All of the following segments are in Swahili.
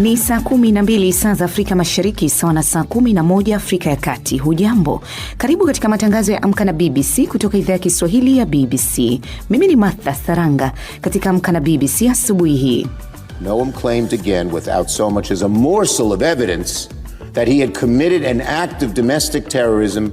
Ni saa mbili saa za Afrika Mashariki, sawa na saa 11 Afrika ya Kati. Hujambo, karibu katika matangazo ya Amka na BBC kutoka idhaa ya Kiswahili ya BBC. Mimi ni Martha Saranga. Katika Amka na BBC asubuhi hii, Noam claimed again without so much as a morsel of evidence that he had committed an act of domestic terrorism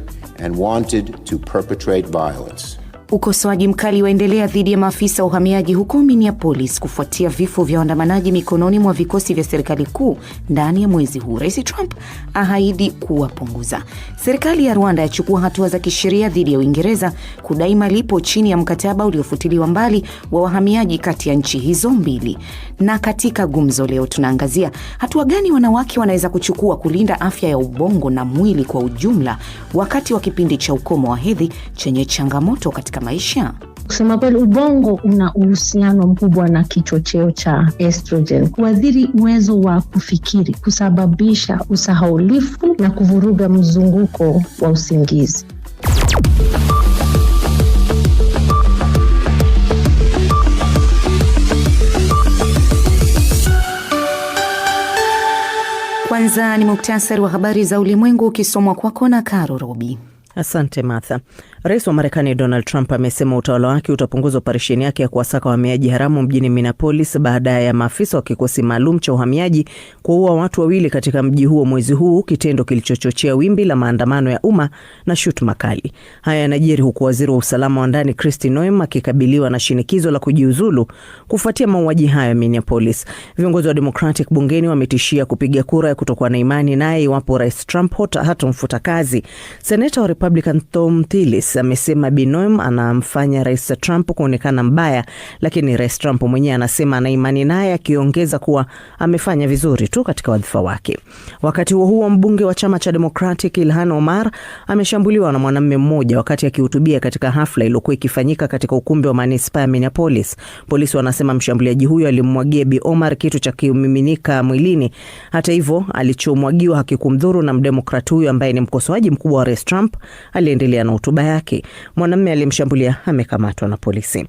and wanted to perpetrate violence Ukosoaji mkali waendelea dhidi ya maafisa wa uhamiaji huko Minneapolis kufuatia vifo vya waandamanaji mikononi mwa vikosi vya serikali kuu ndani ya mwezi huu. Rais Trump ahaidi kuwapunguza. Serikali ya Rwanda yachukua hatua za kisheria dhidi ya Uingereza kudai malipo chini ya mkataba uliofutiliwa mbali wa wahamiaji kati ya nchi hizo mbili. Na katika gumzo leo tunaangazia hatua gani wanawake wanaweza kuchukua kulinda afya ya ubongo na mwili kwa ujumla wakati wa kipindi cha ukomo wa hedhi chenye changamoto katika katika maisha? Kusema kweli, ubongo una uhusiano mkubwa na kichocheo cha estrogen kuadhiri uwezo wa kufikiri, kusababisha usahaulifu na kuvuruga mzunguko wa usingizi. Kwanza ni muktasari wa habari za ulimwengu ukisomwa kwako na Karo Robi. Asante Martha. Rais wa Marekani Donald Trump amesema utawala wake utapunguza operesheni yake ya kuwasaka wahamiaji haramu mjini Minneapolis baada ya maafisa wa kikosi maalum cha uhamiaji kuwaua watu wawili katika mji huo mwezi huu, kitendo kilichochochea wimbi la maandamano ya umma na shutuma kali. Haya yanajiri huku waziri wa usalama wa ndani Kristi Noem akikabiliwa na shinikizo la kujiuzulu kufuatia mauaji hayo ya Minneapolis. Viongozi wa Democratic bungeni wametishia kupiga kura ya kutokuwa na imani naye iwapo Rais Trump hatamfuta kazi. Seneta wa Republican Tom Tillis amesema Binoum anamfanya Rais Trump kuonekana mbaya, lakini Rais Trump mwenyewe anasema ana imani naye, akiongeza kuwa amefanya vizuri tu katika wadhifa wake. Wakati huo huo, mbunge wa chama cha Democratic Ilhan Omar ameshambuliwa na mwanamume mmoja wakati akihutubia katika hafla iliyokuwa ikifanyika katika ukumbi wa manispaa ya Minneapolis. Polisi wanasema mshambuliaji huyo alimwagia Bi Omar kitu cha kimiminika mwilini. Hata hivyo, alichomwagiwa hakikumdhuru na mdemokrat huyo ambaye ni mkosoaji mkubwa wa Rais Trump aliendelea na hotuba yake. Mwanamume aliyemshambulia amekamatwa na polisi.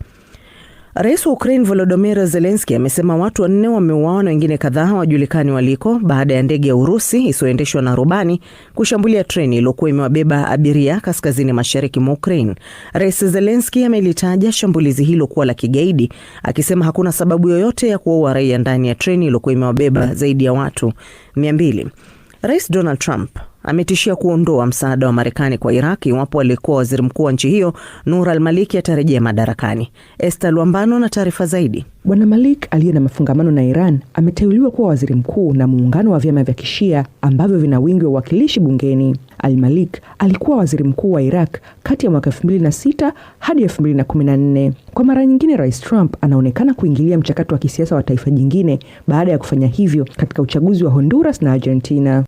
Rais wa Ukraine Volodymyr Zelensky amesema watu wanne wameuawa na wengine kadhaa hawajulikani waliko baada ya ndege ya Urusi isiyoendeshwa na rubani kushambulia treni iliyokuwa imewabeba abiria kaskazini mashariki mwa Ukraine. Rais Zelensky amelitaja shambulizi hilo kuwa la kigaidi, akisema hakuna sababu yoyote ya kuwaua raia ndani ya treni iliyokuwa imewabeba zaidi ya watu 2 Rais Donald Trump ametishia kuondoa msaada wa Marekani kwa Iraq iwapo aliyekuwa waziri mkuu wa nchi hiyo Nur al-Maliki atarejea madarakani. este Lwambano na taarifa zaidi. Bwana Malik aliye na mafungamano na Iran ameteuliwa kuwa waziri mkuu na muungano wa vyama vya Kishia ambavyo vina wingi wa uwakilishi bungeni. Al-Malik alikuwa waziri mkuu wa Iraq kati ya mwaka 2006 hadi 2014. Kwa mara nyingine, Rais Trump anaonekana kuingilia mchakato wa kisiasa wa taifa jingine baada ya kufanya hivyo katika uchaguzi wa Honduras na Argentina.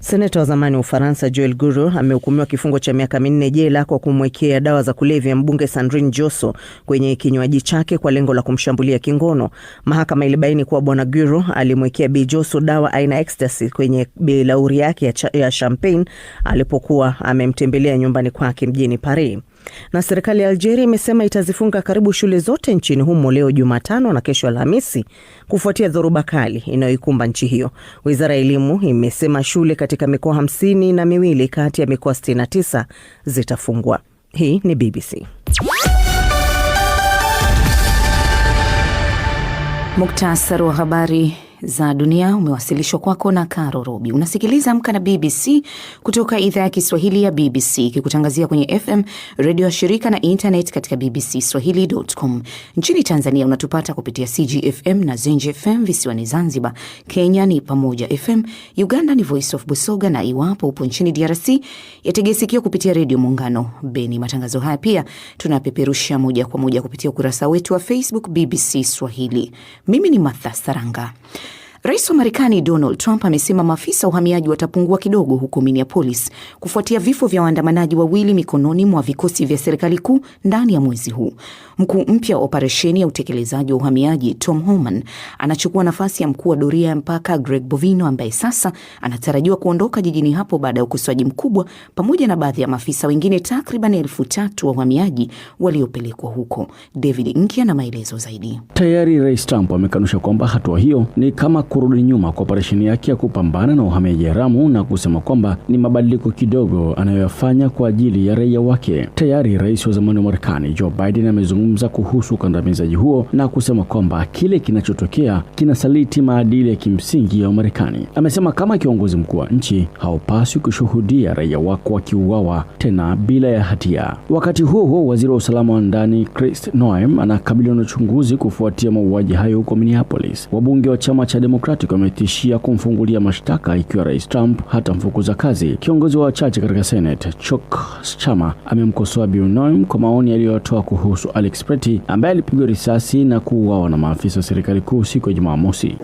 Seneta wa zamani wa Ufaransa Joel Guru amehukumiwa kifungo cha miaka minne jela kwa kumwekea dawa za kulevya mbunge Sandrine Josso kwenye kinywaji chake kwa lengo la kumshambulia kingono. Mahakama ilibaini kuwa Bwana Guru alimwekea Bi Josso dawa aina ecstasy kwenye bilauri yake ya champagne alipokuwa amemtembelea nyumbani kwake mjini Paris. Na serikali ya Algeria imesema itazifunga karibu shule zote nchini humo leo Jumatano na kesho Alhamisi kufuatia dhoruba kali inayoikumba nchi hiyo. Wizara ya elimu imesema shule katika mikoa hamsini na miwili kati ya mikoa 69 zitafungwa. Hii ni BBC. muktasar wa habari za dunia umewasilishwa kwako na Caro Robi. Unasikiliza Amka na BBC kutoka idhaa ya Kiswahili ya BBC ikikutangazia kwenye FM redio ya shirika na internet katika BBC swahili.com. Nchini Tanzania unatupata kupitia CGFM na Zenj FM visiwani Zanzibar. Kenya ni Pamoja FM, Uganda ni Voice of Busoga na iwapo upo nchini DRC yategesikio kupitia Redio Muungano Beni. Matangazo haya pia tunapeperusha moja kwa moja kupitia ukurasa wetu wa Facebook BBC Swahili. Mimi ni Martha Saranga. Rais wa Marekani Donald Trump amesema maafisa uhamiaji watapungua kidogo huko Minneapolis kufuatia vifo vya waandamanaji wawili mikononi mwa vikosi vya serikali kuu ndani ya mwezi huu. Mkuu mpya wa operesheni ya utekelezaji wa uhamiaji Tom Homan anachukua nafasi ya mkuu wa doria ya mpaka Greg Bovino ambaye sasa anatarajiwa kuondoka jijini hapo baada ya ukosoaji mkubwa, pamoja na baadhi ya maafisa wengine takriban elfu tatu wa uhamiaji waliopelekwa huko. David Nkia na maelezo zaidi. Tayari Rais Trump amekanusha kwamba hatua hiyo ni kama kurudi nyuma kwa operesheni yake ya kupambana na uhamiaji haramu na kusema kwamba ni mabadiliko kidogo anayoyafanya kwa ajili ya raia wake. Tayari rais wa zamani wa Marekani Joe Biden amezungumza kuhusu ukandamizaji huo na kusema kwamba kile kinachotokea kinasaliti maadili ya kimsingi ya Marekani. Amesema kama kiongozi mkuu wa nchi haupaswi kushuhudia raia wako wakiuawa tena bila ya hatia. Wakati huo huo, waziri wa usalama wa ndani Chris Noem anakabiliwa na uchunguzi kufuatia mauaji hayo huko Minneapolis. Wabunge wa chama cha Democratic wametishia kumfungulia mashtaka ikiwa Rais Trump hatamfukuza kazi. Kiongozi wa wachache katika Senate Chuck Schumer amemkosoa Bill Noem kwa maoni aliyotoa kuhusu Alex Pretty ambaye alipigwa risasi na kuuawa na maafisa wa serikali kuu siku ya Jumamosi,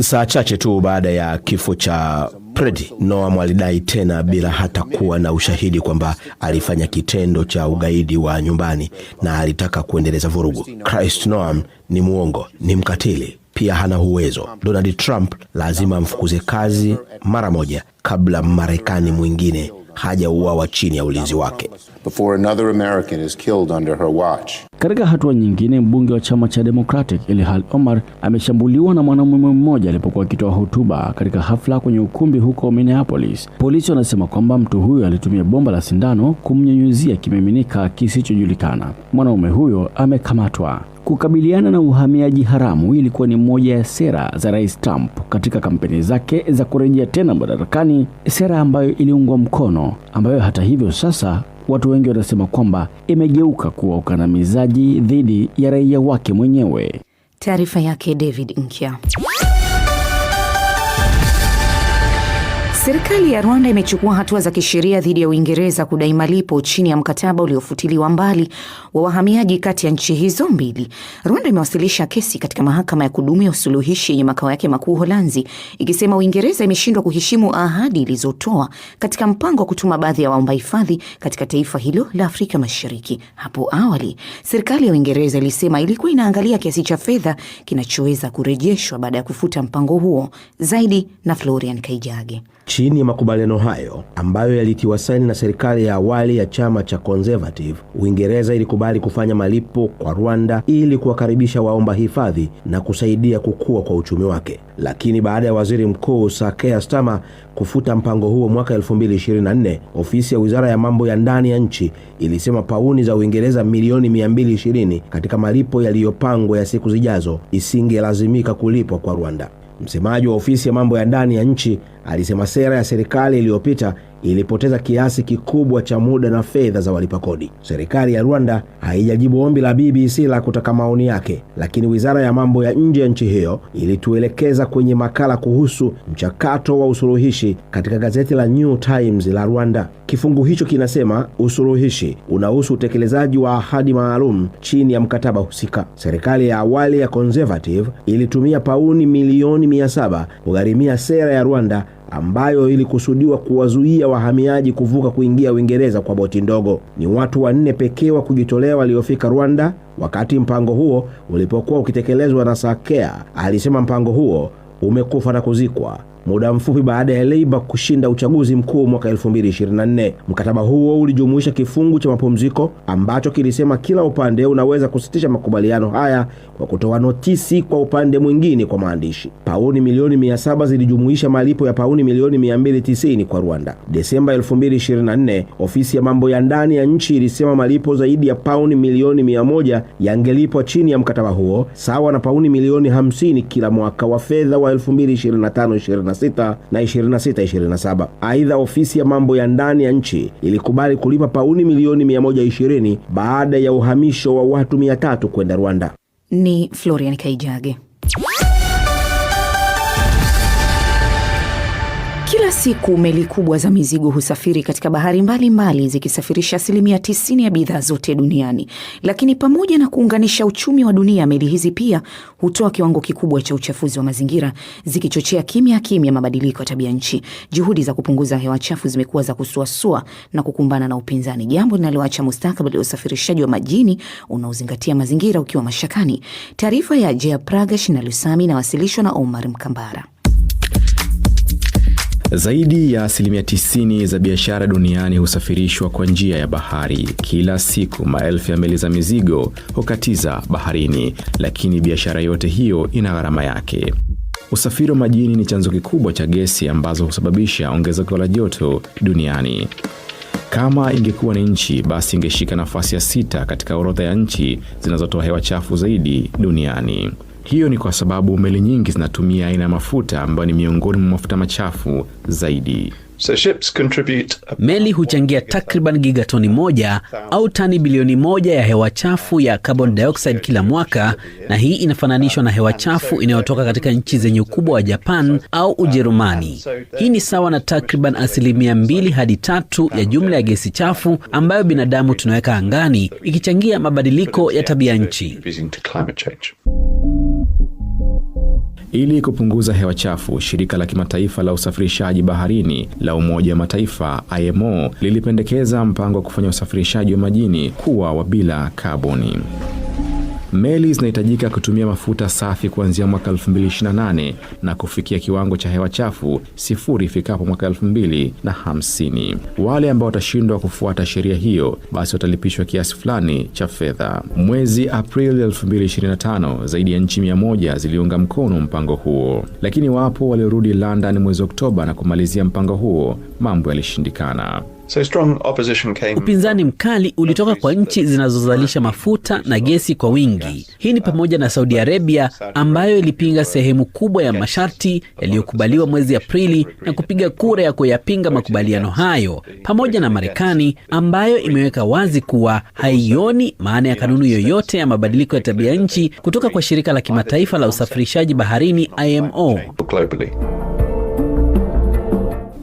saa chache tu baada ya kifo cha Fred Noam alidai tena bila hata kuwa na ushahidi kwamba alifanya kitendo cha ugaidi wa nyumbani na alitaka kuendeleza vurugu. Christ Noam ni mwongo, ni mkatili, pia hana uwezo. Donald Trump lazima amfukuze kazi mara moja kabla Marekani mwingine hajauawa chini ya ulinzi wake. Katika hatua nyingine, mbunge wa chama cha Democratic Ilhan Omar ameshambuliwa na mwanamume mmoja alipokuwa akitoa hotuba katika hafla kwenye ukumbi huko Minneapolis. Polisi wanasema kwamba mtu huyo alitumia bomba la sindano kumnyunyuzia kimiminika kisichojulikana. Mwanamume huyo amekamatwa. Kukabiliana na uhamiaji haramu ilikuwa ni moja ya sera za Rais Trump katika kampeni zake za kurejea tena madarakani, sera ambayo iliungwa mkono, ambayo hata hivyo sasa watu wengi wanasema kwamba imegeuka kuwa ukandamizaji dhidi ya raia wake mwenyewe. Taarifa yake David Nkia. Serikali ya Rwanda imechukua hatua za kisheria dhidi ya Uingereza kudai malipo chini ya mkataba uliofutiliwa mbali wa wahamiaji kati ya nchi hizo mbili. Rwanda imewasilisha kesi katika mahakama ya kudumu ya usuluhishi yenye makao yake makuu Holanzi, ikisema Uingereza imeshindwa kuheshimu ahadi ilizotoa katika mpango wa kutuma baadhi ya waomba hifadhi katika taifa hilo la Afrika Mashariki. Hapo awali, serikali ya Uingereza ilisema ilikuwa inaangalia kiasi cha fedha kinachoweza kurejeshwa baada ya kufuta mpango huo. Zaidi na Florian Kaijage. Chini ya makubaliano hayo ambayo yalitiwa saini na serikali ya awali ya chama cha Conservative, Uingereza ilikubali kufanya malipo kwa Rwanda ili kuwakaribisha waomba hifadhi na kusaidia kukua kwa uchumi wake. Lakini baada ya waziri mkuu Sir Keir Starmer kufuta mpango huo mwaka 2024, ofisi ya wizara ya mambo ya ndani ya nchi ilisema pauni za Uingereza milioni 220 katika malipo yaliyopangwa ya siku zijazo isingelazimika kulipwa kwa Rwanda. Msemaji wa ofisi ya mambo ya ndani ya nchi alisema sera ya serikali iliyopita ilipoteza kiasi kikubwa cha muda na fedha za walipa kodi. Serikali ya Rwanda haijajibu ombi la BBC la kutaka maoni yake, lakini wizara ya mambo ya nje ya nchi hiyo ilituelekeza kwenye makala kuhusu mchakato wa usuluhishi katika gazeti la New Times la Rwanda. Kifungu hicho kinasema usuluhishi unahusu utekelezaji wa ahadi maalum chini ya mkataba husika. Serikali ya awali ya Conservative ilitumia pauni milioni 700 kugharimia sera ya Rwanda ambayo ilikusudiwa kuwazuia wahamiaji kuvuka kuingia Uingereza kwa boti ndogo. Ni watu wanne pekee wa kujitolea waliofika Rwanda wakati mpango huo ulipokuwa ukitekelezwa na Sakea alisema mpango huo umekufa na kuzikwa muda mfupi baada ya leiba kushinda uchaguzi mkuu mwaka 2024. Mkataba huo ulijumuisha kifungu cha mapumziko ambacho kilisema kila upande unaweza kusitisha makubaliano haya kwa kutoa notisi kwa upande mwingine kwa maandishi. Pauni milioni 700 zilijumuisha malipo ya pauni milioni 290 kwa Rwanda. Desemba 2024, ofisi ya mambo ya ndani ya nchi ilisema malipo zaidi ya pauni milioni 100 yangelipwa chini ya mkataba huo, sawa na pauni milioni 50 kila mwaka wa fedha wa 2025 26 na 26 27. Aidha, ofisi ya mambo ya ndani ya nchi ilikubali kulipa pauni milioni 120 baada ya uhamisho wa watu 300 kwenda Rwanda. Ni Florian Kaijage. Kila siku meli kubwa za mizigo husafiri katika bahari mbalimbali mbali, zikisafirisha asilimia 90 ya bidhaa zote duniani. Lakini pamoja na kuunganisha uchumi wa dunia, meli hizi pia hutoa kiwango kikubwa cha uchafuzi wa mazingira, zikichochea kimya kimya mabadiliko ya tabia nchi. Juhudi za kupunguza hewa chafu zimekuwa za kusuasua na kukumbana na upinzani, jambo linaloacha mustakabali wa usafirishaji wa majini unaozingatia mazingira ukiwa mashakani. Taarifa ya Jaya Pragash na Lusami inawasilishwa na Omar Mkambara. Zaidi ya asilimia 90 za biashara duniani husafirishwa kwa njia ya bahari. Kila siku maelfu ya meli za mizigo hukatiza baharini, lakini biashara yote hiyo ina gharama yake. Usafiri wa majini ni chanzo kikubwa cha gesi ambazo husababisha ongezeko la joto duniani. Kama ingekuwa ni nchi, basi ingeshika nafasi ya sita katika orodha ya nchi zinazotoa hewa chafu zaidi duniani. Hiyo ni kwa sababu meli nyingi zinatumia aina ya mafuta ambayo ni miongoni mwa mafuta machafu zaidi. So ships contribute... meli huchangia takriban gigatoni moja au tani bilioni moja ya hewa chafu ya carbon dioxide kila mwaka, na hii inafananishwa na hewa chafu inayotoka katika nchi zenye ukubwa wa Japan au Ujerumani. Hii ni sawa na takriban asilimia mbili hadi tatu ya jumla ya gesi chafu ambayo binadamu tunaweka angani, ikichangia mabadiliko ya tabia nchi. Ili kupunguza hewa chafu, shirika la kimataifa la usafirishaji baharini la Umoja wa Mataifa IMO lilipendekeza mpango wa kufanya usafirishaji wa majini kuwa wa bila kaboni. Meli zinahitajika kutumia mafuta safi kuanzia mwaka 2028 na kufikia kiwango cha hewa chafu sifuri ifikapo mwaka 2050. Wale ambao watashindwa kufuata sheria hiyo, basi watalipishwa kiasi fulani cha fedha. Mwezi Aprili 2025, zaidi ya nchi 100 ziliunga mkono mpango huo, lakini wapo waliorudi London mwezi Oktoba na kumalizia mpango huo, mambo yalishindikana. Upinzani mkali ulitoka kwa nchi zinazozalisha mafuta na gesi kwa wingi. Hii ni pamoja na Saudi Arabia ambayo ilipinga sehemu kubwa ya masharti yaliyokubaliwa mwezi Aprili na kupiga kura ya kuyapinga makubaliano hayo, pamoja na Marekani ambayo imeweka wazi kuwa haioni maana ya kanuni yoyote ya mabadiliko ya tabia nchi kutoka kwa shirika la kimataifa la usafirishaji baharini IMO.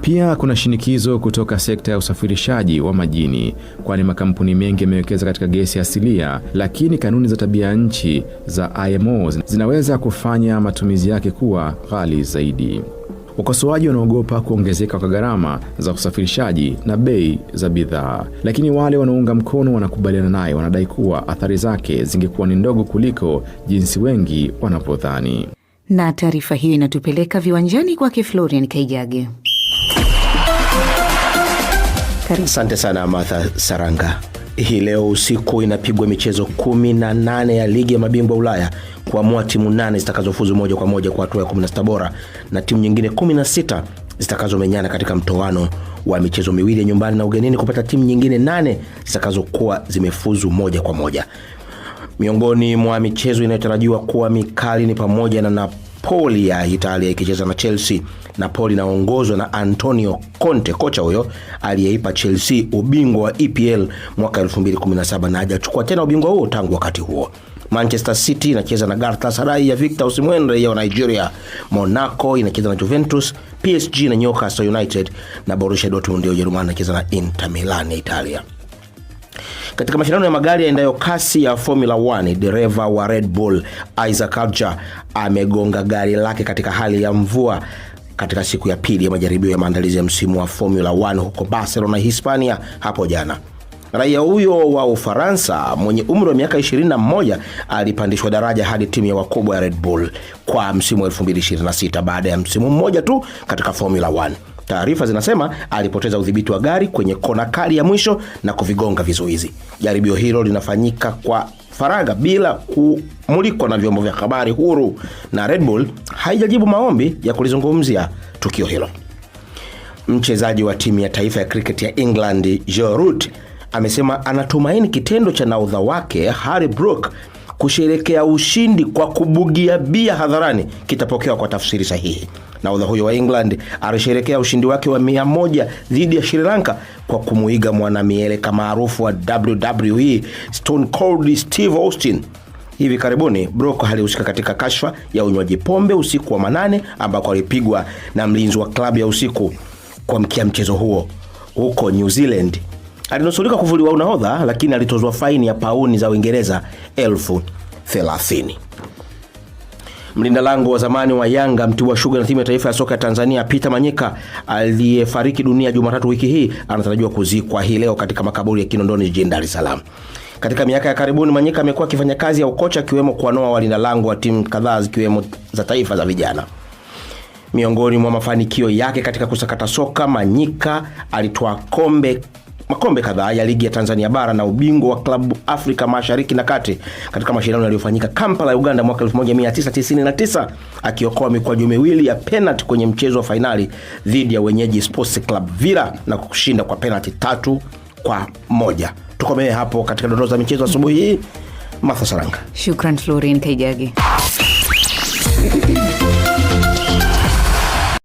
Pia kuna shinikizo kutoka sekta ya usafirishaji wa majini, kwani makampuni mengi yamewekeza katika gesi asilia, lakini kanuni za tabia nchi za IMO zinaweza kufanya matumizi yake kuwa ghali zaidi. Wakosoaji wanaogopa kuongezeka kwa gharama za usafirishaji na bei za bidhaa, lakini wale wanaounga mkono wanakubaliana naye, wanadai kuwa athari zake zingekuwa ni ndogo kuliko jinsi wengi wanavyodhani. Na taarifa hiyo inatupeleka viwanjani kwake Florian Kaijage. Karibu. Asante sana Martha Saranga. Hii leo usiku inapigwa michezo 18 ya ligi ya mabingwa Ulaya kuamua timu nane zitakazofuzu moja kwa moja kwa hatua ya 16 bora na timu nyingine 16 zitakazomenyana katika mtoano wa michezo miwili ya nyumbani na ugenini kupata timu nyingine nane zitakazokuwa zimefuzu moja kwa moja. Miongoni mwa michezo inayotarajiwa kuwa mikali ni pamoja na Napoli ya Italia ikicheza na Chelsea Napoli inaongozwa na Antonio Conte, kocha huyo aliyeipa Chelsea ubingwa wa EPL mwaka 2017 na hajachukua tena ubingwa huo tangu wakati huo. Manchester City inacheza na Galatasaray ya Victor Osimhen raia wa Nigeria. Monaco inacheza na Juventus, PSG na Newcastle United na Borussia Dortmund ya Ujerumani inacheza na Inter Milan ya Italia. Katika mashindano ya magari yaendayo kasi ya Formula 1, dereva wa Red Bull Isaac Alger amegonga gari lake katika hali ya mvua katika siku ya pili ya majaribio ya maandalizi ya msimu wa Formula 1 huko Barcelona, Hispania hapo jana. Raia huyo wa Ufaransa mwenye umri wa miaka 21 alipandishwa daraja hadi timu ya wakubwa ya Red Bull kwa msimu wa 2026 baada ya msimu mmoja tu katika Formula 1. Taarifa zinasema alipoteza udhibiti wa gari kwenye kona kali ya mwisho na kuvigonga vizuizi. Jaribio hilo linafanyika kwa faraga bila kumulikwa na vyombo vya habari huru, na Red Bull haijajibu maombi ya kulizungumzia tukio hilo. Mchezaji wa timu ya taifa ya kriketi ya England Joe Root amesema anatumaini kitendo cha naudha wake Harry Brook kusherekea ushindi kwa kubugia bia hadharani kitapokewa kwa tafsiri sahihi. naudha huyo wa England alisherekea ushindi wake wa mia dhidi ya Sri Lanka kwa kumuiga mwanamieleka maarufu wa WWE Stone Cold Steve Austin. Hivi karibuni brok alihusika katika kashfa ya unywaji pombe usiku wa manane, ambako alipigwa na mlinzi wa klabu ya usiku kwa mkia mchezo huo huko New Zealand alinusurika kuvuliwa unahodha, lakini alitozwa faini ya pauni za Uingereza elfu thelathini. Mlinda lango wa zamani wa Yanga mtiwa shuga na timu ya taifa ya soka ya Tanzania Peter Manyika aliyefariki dunia Jumatatu wiki hii anatarajiwa kuzikwa hii leo katika makaburi ya Kinondoni jijini Dar es Salaam. Katika miaka ya karibuni Manyika amekuwa akifanya kazi ya ukocha akiwemo kuanoa walinda lango wa timu kadhaa zikiwemo za taifa za vijana. Miongoni mwa mafanikio yake katika kusakata soka, Manyika alitwaa kombe makombe kadhaa ya ligi ya Tanzania bara na ubingwa wa klabu Afrika Mashariki na Kati katika mashindano yaliyofanyika Kampala Uganda mwaka 1999 akiokoa mikwaju miwili ya penalti kwenye mchezo wa fainali dhidi ya wenyeji Sports Club Villa na kushinda kwa penalti tatu kwa moja. Tukomee hapo katika dondoo za michezo asubuhi hii. Martha Saranga. Shukran Florin Kaijage.